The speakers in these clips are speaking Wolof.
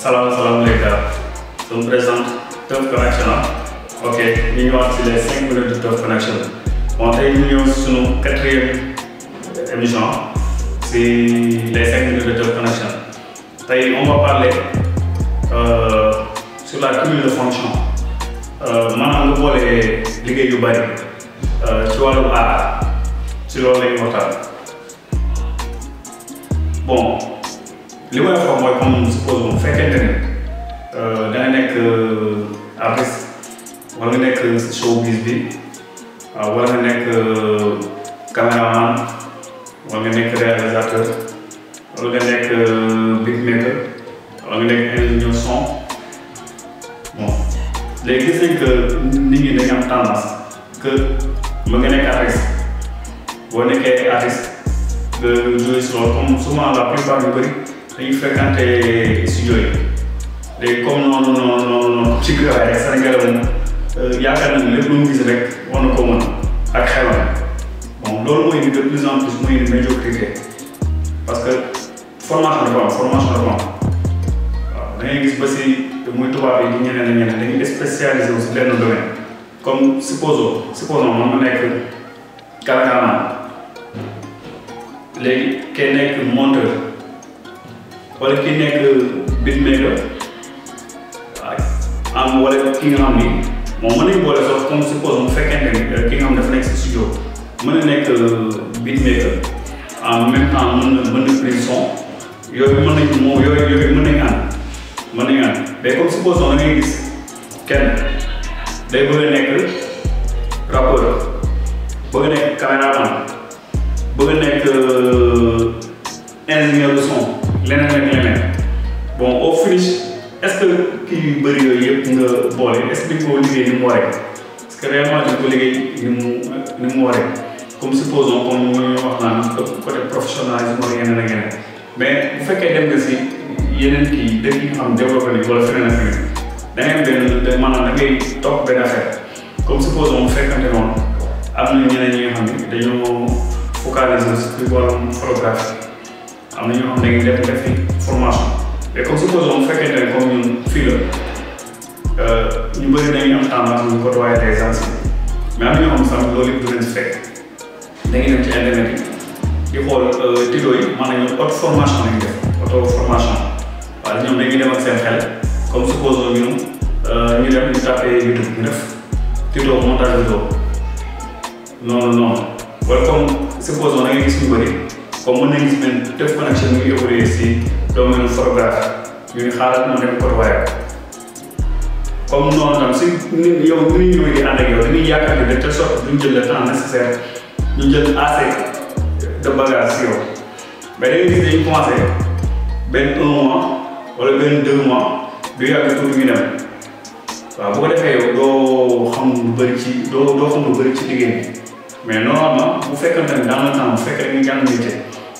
Salam, salam les gars. Je me présente Top Connection. Hein. Ok, nous avons les 5 minutes de Top Connection. On est venu sur notre quatrième émission. Hein. C'est les 5 minutes de Top Connection. On va parler euh, sur la cumule de fonctions. Euh, nous nga les liggéey yu Tu euh, ci le aar Tu loolu les waxtaan bon li may wax mooy comme suppose moom fekkente ne euh, da nekk euh, artiste wala nga nekk showbiz bi euh, wala nga nekk caméraman wala nga nekk réalisateur wala nga nekk beatmaker wala nga nekk ingénieur son bon léegi gis nañ que nga nekk artiste boo nekkee artiste nga jouer sur comme souvent la plupart ñu bëri. dañuy fréquenté studio yi léegi comme noonu noonu noonu ci biir waaye Sénégal moom bon loolu mooy ni de plus en plus mooy ni médiocrité parce que formation dafa am formation dafa am waaw da ngay gis ba si muy tubaab yi di ñeneen ak ñeneen dañuy spécialisé wu si benn domaine comme supposons supposons man ma nekk Kalakana léegi kenn nekk monteur. wala ki nekk beatmaker am wala ki nga xam ni moom mën nañu boole sax comme suppose mu fekkente ni euh, ki nga xam dafa nekk si studio mën na nekk euh, beatmaker en même temps mën na mën yooyu mën nañu moom yooyu yooyu mën nañu ànd mën nañu ànd mais comme suppose da ngay gis kenn day bëgg nekk rappeur bëgg a nekk caméraman bëgg nekk euh, ingénieur son. leneen ak leneen bon au finish est-ce que kii yu bëri yooyu yëpp nga boole est-ce que ko liggéey ni mu waree parce que réellement dañ ko liggéey ni mu ni mu waree comme supposons comme ñu wax naan côté professionnalisme ak yeneen ak yeneen mais bu fekkee dem nga si yeneen kii dëkk yi nga xam développé nañ wala feneen ak feneen da ngay benn de maanaam da ngay toog benn affaire comme supposons mu fekkante noonu am na ñeneen ñi nga xam ne dañoo focaliser ci wàllum photographie Eh, am na ñoo xam ne dañuy def def fi formation mais comme supposons bu fekkente ne comme ñun fii la ñu bëri dañuy am tendance ñu côtoyer des anciens mais am na ñoo xam sax loolu yëpp du si fekk dañuy dem ci internet yi di xool tuto yi maanaam ñoom auto formation lañu def auto formation waaye ñoom dañuy dem ak seen xel comme supposons ñun ñu dem ñu ñu def tuto montage vidéo noonu noonu wala comme supposons da ngay gis ñu bëri. ba mën na gis benn def connection mu ngi évolué si domaine photographie yu ñu xaaral noonu rek côté waaye comme noonu tam si nit yow ni ñu ñëwee di ànd ak yow dañuy yaakaar ne de telle sorte duñ jël le temps nécessaire ñu jël assez de bagage si yow mais da ngay gis dañuy commencé benn un mois wala benn deux mois du yàgg tuuti ñu dem waaw bu ko defee yow doo xam lu bëri ci doo doo xam lu bëri ci liggéey mais normalement bu fekkante ne dans le temps bu fekkee dañuy jàng métier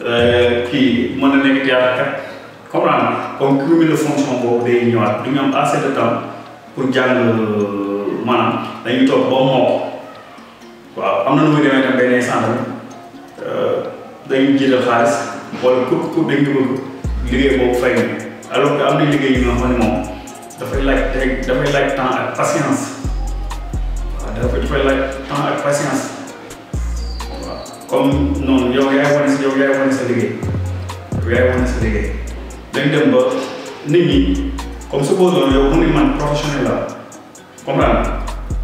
Euh, kii mën na nekk théâtre kat comprendre comme cumul de fonction boobu du ñu am assez de temps pour jàng euh, maanaam dañuy toog ba moo waaw am na nu muy demee tam benn instant euh, dañuy jiital xaalis wala ku ku dañ ko liggéey boobu fay na alors am na liggéey yu nga xam ne moom dafay laaj dafay laaj temps ak patience waaw dafay laaj temps ak patience. comme noonu yow yaay wane yow yaay wane sa liggéey yow yaay wane sa liggéey dañ dem nit ñi comme supposons yow mu ni man professionnel la comprendre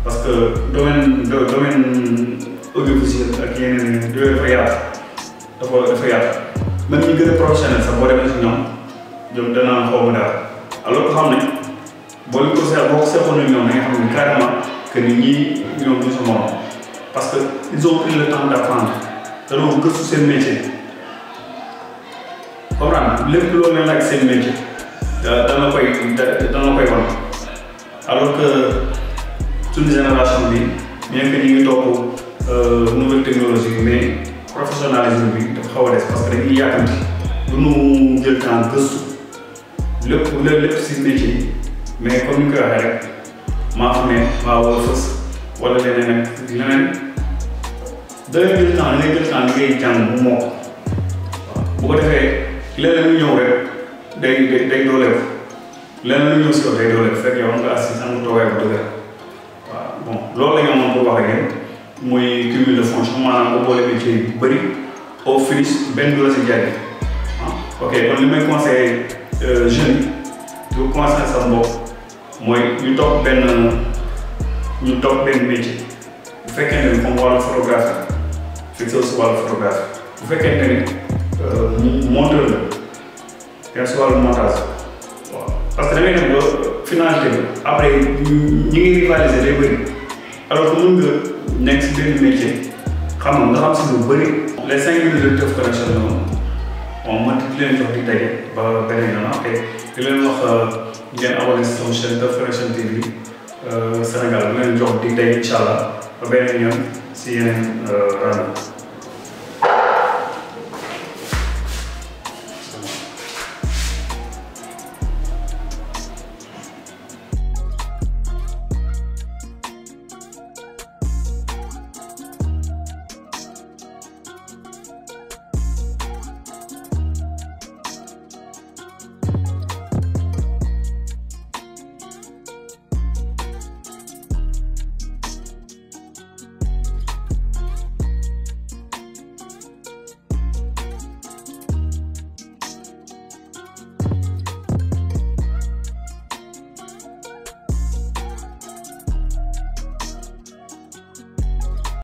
parce que domaine domaine audiovisuel ak yeneen yi dafa yaatu dafa dafa yaatu même ñi gën a professionnel sax boo demee si ñoom ñoom danaa xaw ma daal alors que xam ne boo leen boo ko seetoon ak ñoom da xam ne carrément que nit ñi ñoom du sa morom parce que ils ont pris le loolu gëstu seen métier comprendre lépp loo leen laaj seen métier dana koy dana koy wan alors que suñu génération bi bien que ñu ngi topp nouvelle technologie mais professionnalisme bi dafa xaw a des parce que dañuy yàkkamti du ñu jël temps gëstu lépp lépp si métier yi mais comme ni ñu koy waxee rek maa xam ne maa war a fës wala leneen ak leneen. deux mille cent li nga ngay jàng bu moo bu ko defee leneen lu ñëw rek day day day dooleeku leneen lu ñëw si ko day dooleeku fekk yow nga assis am nga toogaay bu dëgër waaw bon loolu la ñu amoon pour wax ak yéen muy cumul de fonction maanaam nga boole métier yu bëri au finish benn du la si jàddi ok kon li may conseillé jeunes yi du conseillé sa bopp mooy ñu topp benn ñu topp benn métier bu fekkee ne comme wàllu photographie fii si wàllu photographe bu fekkee ne euh, monteur la yaa si wàllu montage parce que da ngay dem ba finalité bi après ñu ngi rivaliser day bëri alors que mën nga nekk si benn métier xam nga nga xam si lu bëri les cinq minutes de Teuf Connection noonu moom man di leen ba beneen yoon te di wax euh, ngeen abonné si sama Connection TV euh, Sénégal di leen jox di tege ba beneen yoon si yeneen rajo